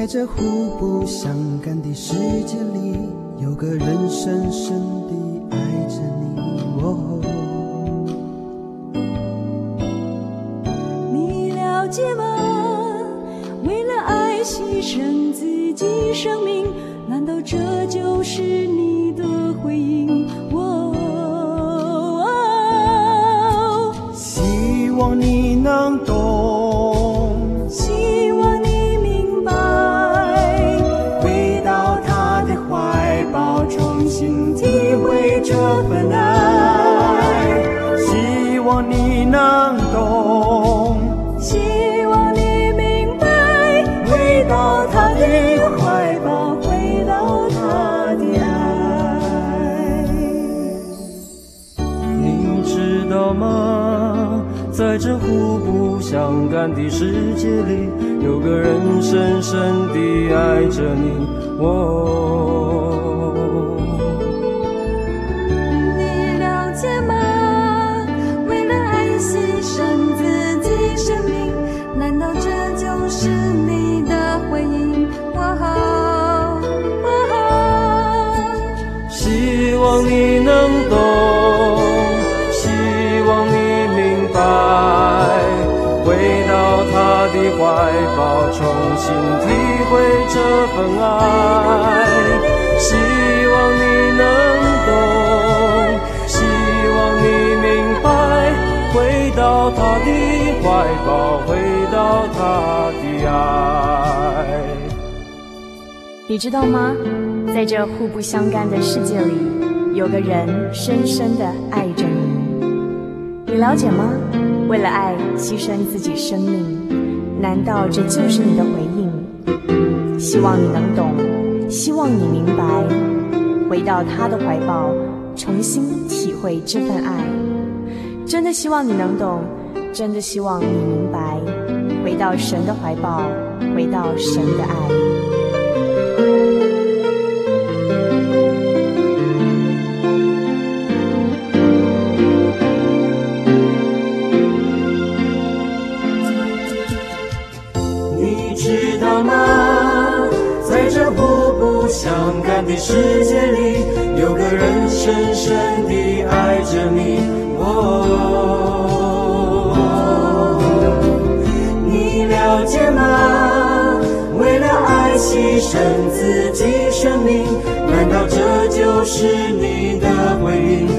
在這互不相干的世界裡，有個人深深地愛着你，哦、oh。你了解嗎？為了愛犧牲自己生命，難道這就是你的回應？哦、oh，希望你能懂。希望你能懂，希望你明白，回到他的懷抱，回到他的愛。你知道嗎？在這互不相干的世界裡，有個人深深的愛着你，我、哦。重新體會這份愛，希望你能懂，希望你明白，回到他的懷抱，回到他的愛。你知道嗎？在這互不相干的世界裡，有個人深深的愛着你。你了解嗎？為了愛犧牲自己生命。難道這就是你的回應？希望你能懂，希望你明白，回到他的懷抱，重新體會這份愛。真的希望你能懂，真的希望你明白，回到神的懷抱，回到神的愛。相干的世界裡，有個人深深地愛着你。哦，你了解嗎？為了愛犧牲自己生命，難道這就是你的回應？